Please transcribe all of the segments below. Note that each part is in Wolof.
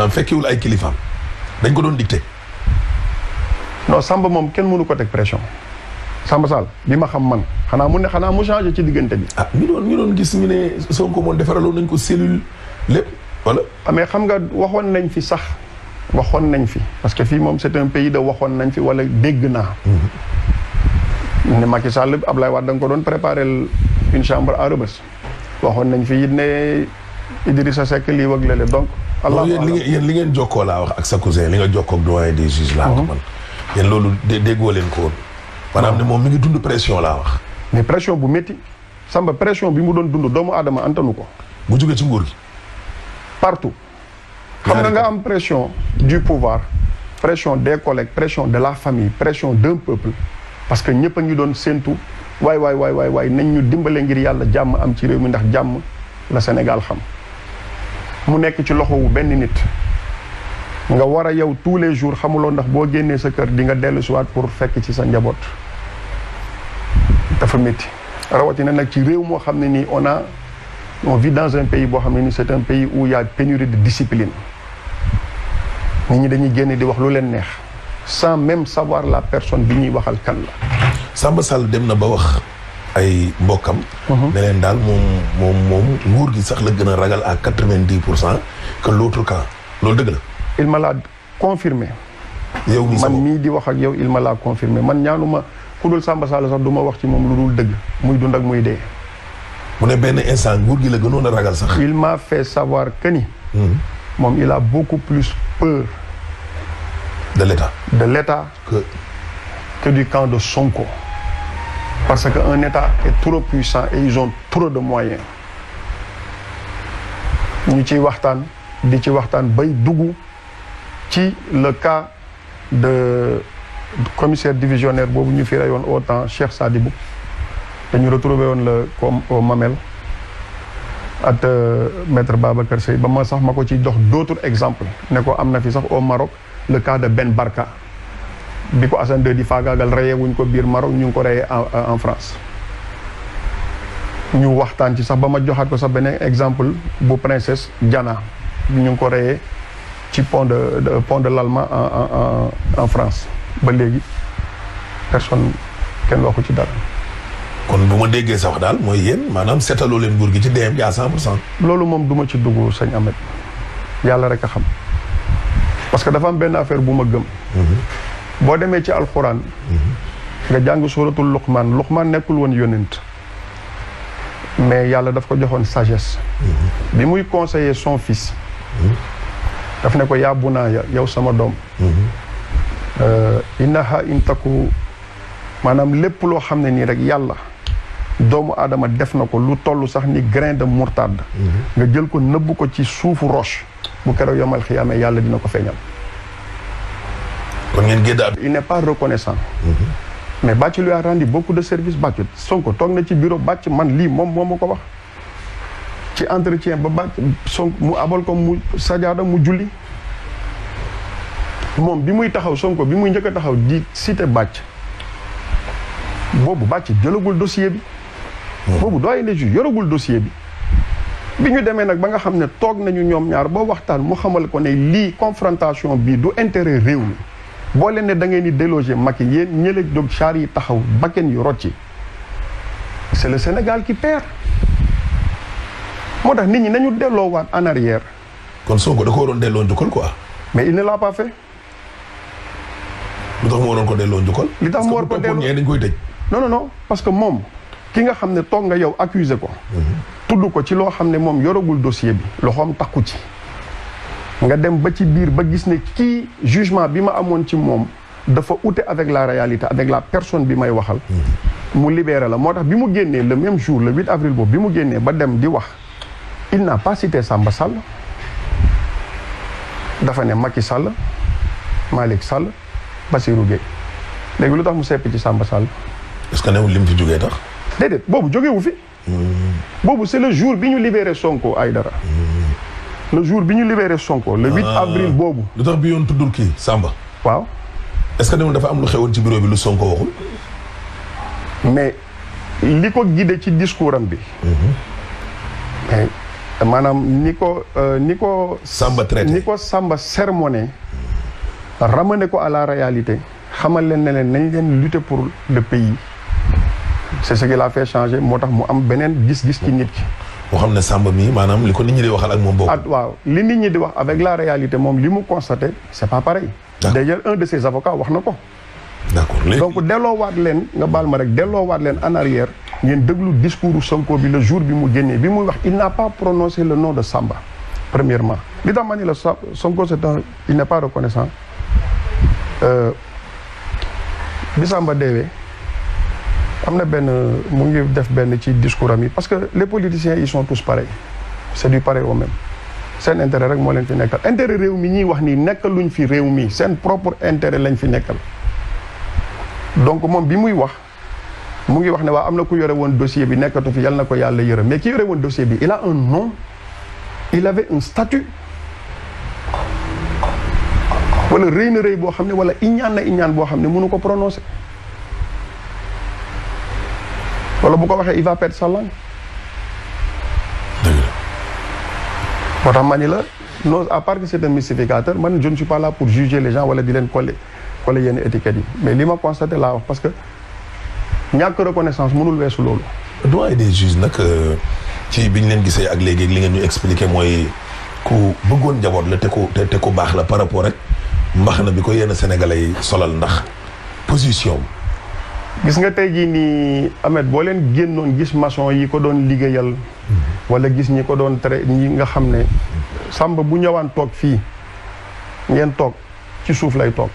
maanaam fekkiwul ay kilifaam dañ ko doon dicté. non Samba moom kenn mënu ko teg pression. Samba Sall bi ma xam man xanaa mu ne xanaa mu ci diggante bi. ah ñu doon ñu doon gis ñu ne Sonko moom defaraloon nañ ko cellule lépp wala. Ah, mais xam nga waxoon nañ fi sax waxoon nañ fi parce que fii moom c'est un pays de waxoon nañ fi wala dégg naa. Mm-hmm. ne Macky Sall ab Wade da nga ko doon préparer une chambre à Rebeuss waxoon nañ fi it ne Idrissa Seck lii wëgg la donc. allah yéen li ngeen yéen li ngeen jokkoo laa wax ak sa cousin li nga jokkoo ak doyen des juges laa wax mhm. man. yéen loolu déggoo leen ko woon. maanaam moom mi ngi dund pression laa wax. mais pression bu métti samba pression bi mu doon dund doomu aadama antanu ko. mu jógee si nguur gi. partout. xam nga nga am pression du pouvoir. pression des collègues pression de la famille pression d'un peuple parce que ñëpp a ngi doon séentu waay waay waay waay waay nañ ñu dimbale ngir yàlla jàmm am ci réew ndax jàmm la Sénégal xam. mu nekk ci loxowu benn nit nga war a yow tous les jours xamuloo ndax boo génnee sa kër di nga dellu siwaat pour fekk ci sa njaboot dafa métti rawatina nag ci réew moo xam ne nii on a on vit dans un pays boo xam ne nii c'est un pays où il y a pénurie de discipline nit ñi dañuy génn di wax lu leen neex sans même savoir la personne bi ñuy waxal kan la Samba Sall dem na ba wax ay mbokkam mhm. ne leen daal moom moom moom nguur gi sax la gën a ragal à quatre vingt pour cent que l'autre camp loolu dëgg la il ma laa confirmé yow mi man mii di wax ak yow il ma laa confirmé man ñaanuma ku dul Samba Sall sax du ma wax ci moom lu dul dëgg muy dund ak muy dee mu ne benn instant nguur gi la gënoon ragal sax il m'a fait savoir que mhm. moom il a beaucoup plus peur de l'état de l'état que du camp de Sonko Parce qu'un État est trop puissant et ils ont trop de moyens. ñu ciy waxtaan di ci waxtaan bay dugg ci le cas de commissaire divisionnaire boobu ñu fi yoon au temps Cheikh Sadibou dañu retrouvé woon la comme au Mamel ak euh, maitre Babacar Seye ba ma sax ma ko ci dox d'autres exemples ne ko am na fi sax o Maroc le cas de Ben Barka bi ko Assane II di faagaagal reyee wuñ ko biir Maroc ñu ngi ko reyee en France ñu waxtaan ci sax ba ma joxaat ko sax beneen exemple bu princesse Diana ñu ngi ko reyee ci pont de pont de l'Alma en en France ba léegi personne kenn waxu ci dara. kon bu ma déggee sa wax daal mooy yéen maanaam seetaloo leen nguur gi ci DM gi à 100 pour cent. loolu moom du ma ci dugg sañ Ahmed yàlla rek a xam parce que dafa am benn affaire bu ma gëm. Mhm. boo demee ci alxuraan nga jàng suuratul luqmaan luqmaan nekkul woon yónent mais yàlla daf ko joxoon sagesse bi muy conseiller son fils daf ne ko yaa bunaaya yow sama doom euh, innaha intaku maanaam lépp loo xam ne nii rek yàlla doomu aadama def na ko lu toll sax ni grain de moutarde nga jël ko nëbb ko ci suufu roche bu keroog yomal xiyaame yàlla dina ko feeñal kon ngeen gédd il n'est pas reconnaissant. Mm-hmm. mais Bàcc lui a rendu beaucoup de service Bàcc Sonko toog na ci bureau Bàcc man lii moom moo ma ko wax. ci entretien ba Bàcc Sonko mu abal ko mu sajaada mu julli. moom bi muy taxaw Sonko bi muy njëkk a taxaw di cité Bàcc boobu Bàcc jëlagul dossier bi. Mm-hmm. boobu doyen des juges yoragul dossier bi. bi ñu demee nag ba nga xam ne toog nañu ñoom ñaar boo waxtaan mu xamal ko ne lii confrontation bii du intérêt réew mi. boo leen ne da ngeen di déloger Macky yéen ñële jóg char yi taxaw bakken yu ci c'est le Sénégal ki perd moo tax nit ñi nañu delloowaat en arrière. kon soo ko ko waroon delloo njukkal quoi. mais il ne l'a pas fait. lu tax mu waroon ko delloo njukkal. li tax mu war ko delloo dañ koy tëj. non non parce que moom ki nga xam ne toog nga yow accuser ko. Mhm. tudd ko ci loo xam ne moom yoragul dossier bi loxoom takku ci. nga dem ba ci biir ba gis ne kii jugement bi ma amoon ci moom dafa ute avec la réalité avec la personne bi may waxal mm-hmm. mu libéré la moo tax bi mu génnee le même jour le 8 avril boobu bi mu génnee ba dem di wax il n'a pas cité Samba Sall dafa ne Macky Sall Malick Sall Bassirou Gueye léegi lu tax mu sepp ci Samba Sall est-ce que newul lim fi jógee tax déedéet boobu jógewu fi mm-hmm. boobu c'est le jour bi ñu libéré Sonko ay dara mm-hmm. le jour bi ñu libéré Sonko. le 8 ah. avril boobu. lu tax bi yoon tuddul kii Samba. waaw. est-ce que demul dafa am lu xewoon ci bureau bi lu Sonko waxul. mais li ko guidé ci discours am bi. Mhm. maanaam ni ko euh, ni ko. Samba traité ni ko Samba sermonné. ramené ko à la réalité xamal leen na leen nañ leen lutter pour le pays. c'est ce qui l'a fait changer moo tax mu am beneen gis-gis ci nit ki. moo xam ne Samba mi maanaam li ko nit ñi di waxal ak moom boobu. ah waaw li nit ñi di wax avec la réalité moom li mu constaté c' est pas pareil. déjà un de ses avocats wax na ko. d' accord léegi donc delloowaat leen nga baal ma rek delloowaat leen en arrière. ngeen déglu discours Sonko bi le jour bi mu génnee bi muy wax il n' a pas prononcé le nom de Samba premièrement li tax ma ni la Sonko c' est un il n' est pas reconnaissant euh, bi Samba deewee. am na benn mu ngi def benn ci discours am yi parce que les politiciens ils sont tous pareils c' est du pareil au même seen intérêt rek moo leen fi nekkal intérêt réew mi ñuy wax nii nekkaluñ fi réew mi seen propre intérêt lañ fi nekkal donc moom bi muy wax mu ngi wax ne waa am na ku yore woon dossier bi nekkatu fi yal na ko yàlla yërëm mais ki yore woon dossier bi il a un nom il avait un statut wala rëy na rëy boo xam ne wala iñaan na iñaan boo xam ne mënu ko prononcer wala bu ko waxee il va perdre moo tax ma ni la non à part que c'est un mystificateur man je ne suis pas là pour juger les gens wala di leen coller coller yenn étiquettes yi mais li ma constaté laa wax parce que ñàkk reconnaissance mënul weesu loolu. doo des juges nag euh, ci bi ñu leen gisee ak léegi li ngeen ñu expliqué mooy ku bëggoon njaboot la te ku te baax la par rapport rek mbax na bi ko yenn sénégalais solal ndax position gis nga tey jii nii Ahmed boo leen génnoon gis maçon yi ko doon liggéeyal wala gis ñi ko doon tere ñi nga xam ne sàmba bu ñëwaan toog fii ngeen toog ci suuf lay toog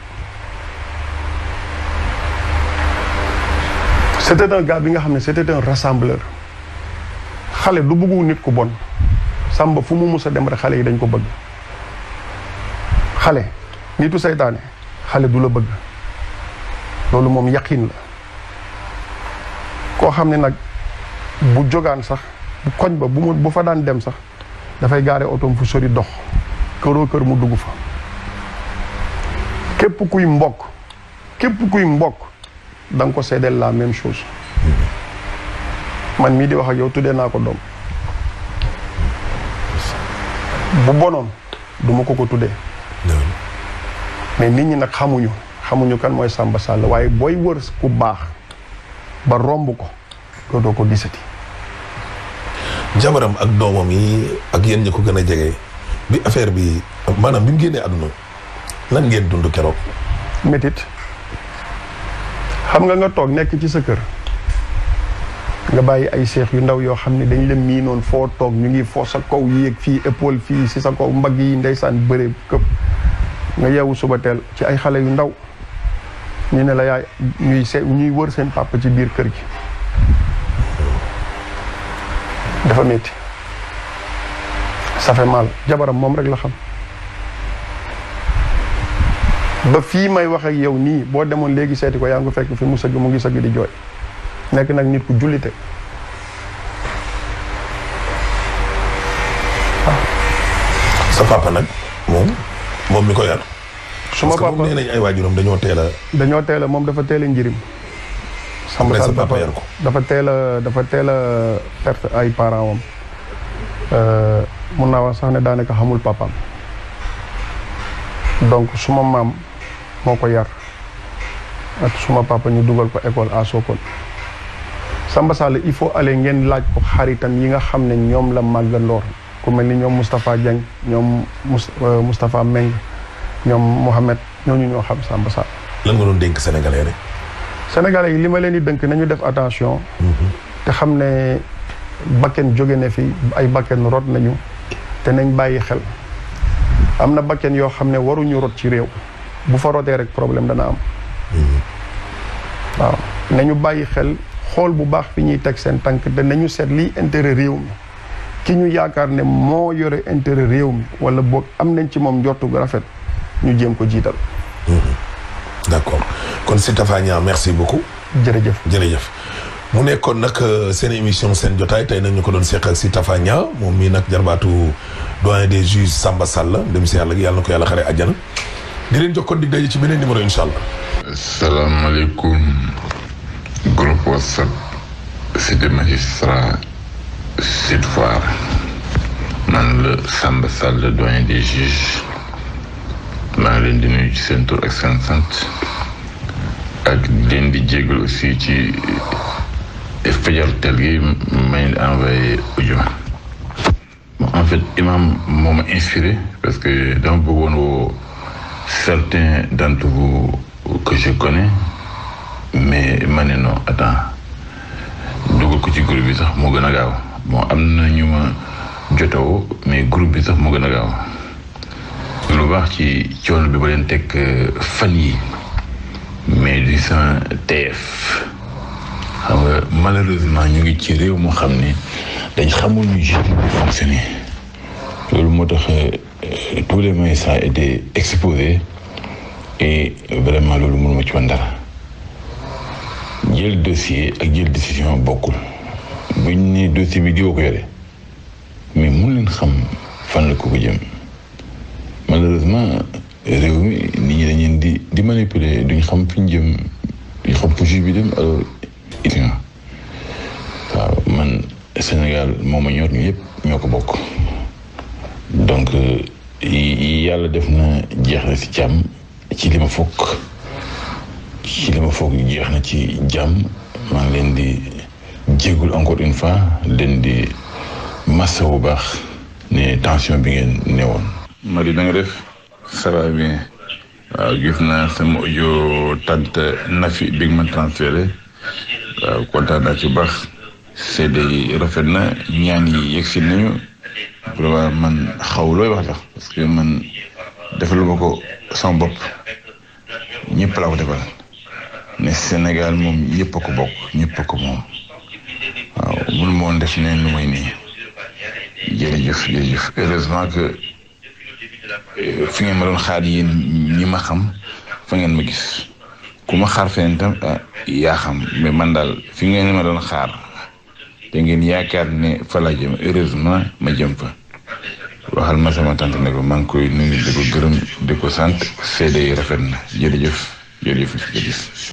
c'était un gars bi nga xam ne c'était un rassembleur xale du bëggu nit ku bon sàmba fu mu mus a dem rek xale yi dañ ko bëgg xale nitu seytaane xale du la bëgg loolu moom yaqiin la koo xam ne nag bu jogaan sax bu koñ ba bu mu bu fa daan dem sax dafay gaare otoom fu sori dox këroo kër mu dugg fa képp kuy mbokk képp kuy mbokk da ko seddeel la même chose man mii di wax ak yow tuddee naa ko doom bu bonoon duma ko ko tudde mais nit ñi nag xamuñu xamuñu kan mooy Samba Sall waaye booy wër ku baax ba romb ko dootoo ko disati. jabaram ak doomam yi ak yenn ñi ko gën a jege bi affaire bi maanaam bi mu àdduna lan ngeen dund keroog. metit xam nga nga toog nekk ci sa kër nga bàyyi ay seex yu ndaw yoo xam ne dañ la miinoon foo toog ñu ngi foo sa kaw yéeg fii épaule fii si sa kaw mbagg yi ndeysaan bëree këpp nga yeewu suba teel ci ay xale yu ndaw. ñu ne la yaay ñuy ñuy wër seen papa ci biir kër gi dafa metti ça fait jabaram moom rek la xam ba fii may wax ak yow nii boo demoon léegi seeti ko yaa ngi fekk fi mu sëgg mu ngi sëgg di jooy nekk nag nit ku jullite sa papa nag moom moom mi ko yar suma papa nee nañ ay waajuram dañoo teela dañoo teel moom dafa teel a njirim. Samba Sall dafa dafa teel dafa teel a perte ay parents am. Euh, mun naa wax sax ne daanaka xamul papaam. donc suma maam moo ko yar ak suma papa ñu dugal ko école à Sokone. Samba Sall il faut aller ngeen laaj ko xaritam yi nga xam ne ñoom la màggandoor ku mel ni ñoom Moustapha Dieng ñoom euh, Moustapha Meng. ñoom Mouhamed ñooñu ñoo xam Samba Sarr. lan nga doon dénk sénégalais rek. sénégalais yi li ma leen di dënk nañu def attention. Mm-hmm. te xam ne bakken jóge na fi ay bakken rot nañu te nañ bàyyi xel am na bakken yoo xam ne waruñu rot ci réew bu fa rotee rek problème dana am. Mm-hmm. waaw nañu bàyyi xel xool bu baax fi ñuy teg seen tànk te nañu seet liy intérêt réew mi ki ñu yaakaar ne moo yore intérêt réew mi wala boog am nañ ci moom njortu rafet. ñu jéem ko jiital. Mhm. d' accord kon si Tafa Niang merci beaucoup. jërëjëf jërëjëf. mu nekkoon nag euh, seen émission seen jotaay tey nag ñu ko doon seq si Tafa Niang moom mii nag jarbaatu doyen des juges Samba Sall dem si yàlla yàlla na ko yàlla xare àjjana. di leen jox kon dig daje ci beneen numéro incha allah. salaamaaleykum groupe WhatsApp Cité Magistrat Sud Foire man la Samba Sall doyen des juges. maa leen di nuyu ci seen tur ak sant ak leen di jégalu aussi ci eh, fajarteel gi may envoyé audio bon en fait imam moo ma inspiré parce que dama bëggoon woo certains d'entre vous que je connais mais ma ne non attends dugal ko ci groupe bi sax moo gën a gaaw bon am na ñu ma mais groupe bi sax moo gën a gaaw lu baax ci coono bi ba leen teg euh, fan yi mais du sans TF xam nga malheureusement ñu ngi ci réew moo xam ni dañ xamuñu ñu justice bi fonctionner loolu moo tax euh, tous les moyens ça a été exposé et vraiment loolu mënuma ci woon dara jël dossier ak jël décision bokkul buñ ne dossier bi diwa ko yore mais mun leen xam fan la ko ko jëm malheureusement réew mi nit ñi dañ di di manipuler duñ xam fi ñu duñ xam projet bi dem alors it waaw man Sénégal moom a ñor ñu yëpp ñoo ko bokk donc yàlla def na jeex na ci jàmm ci lima ma fokk ci li fokk jeex na ci jàmm maa leen di jéggul encore une fois leen di massa bu baax ne tension bi ngeen newoon Marie na nga def waaw gis naa sama audio tante Nafi bi ma transféré waaw kontaan naa ci baax seede yi rafet na ñaan yi yegg nañu vraiment man xaw looy wax la parce que man defalu ma ko sama bopp ñëpp ko defal ne Sénégal moom ñëpp a bokk ñëpp a moom waaw mënu moon def ne lu may nii jërëjëf jërëjëf heureusement fi ngeen ma doon xaar yéen ñi ma xam fa ngeen ma gis ku ma xaar feneen tam ah, yaa xam mais man daal fi ngeen ma doon xaar te ngeen yaakaar ne fa laa jëm heureusement ma jëm fa. waxal ma sama tante ne maa ngi koy nuyu di ko gërëm di ko sant seede yi rafet na jërëjëf jërëjëf jërëjëf.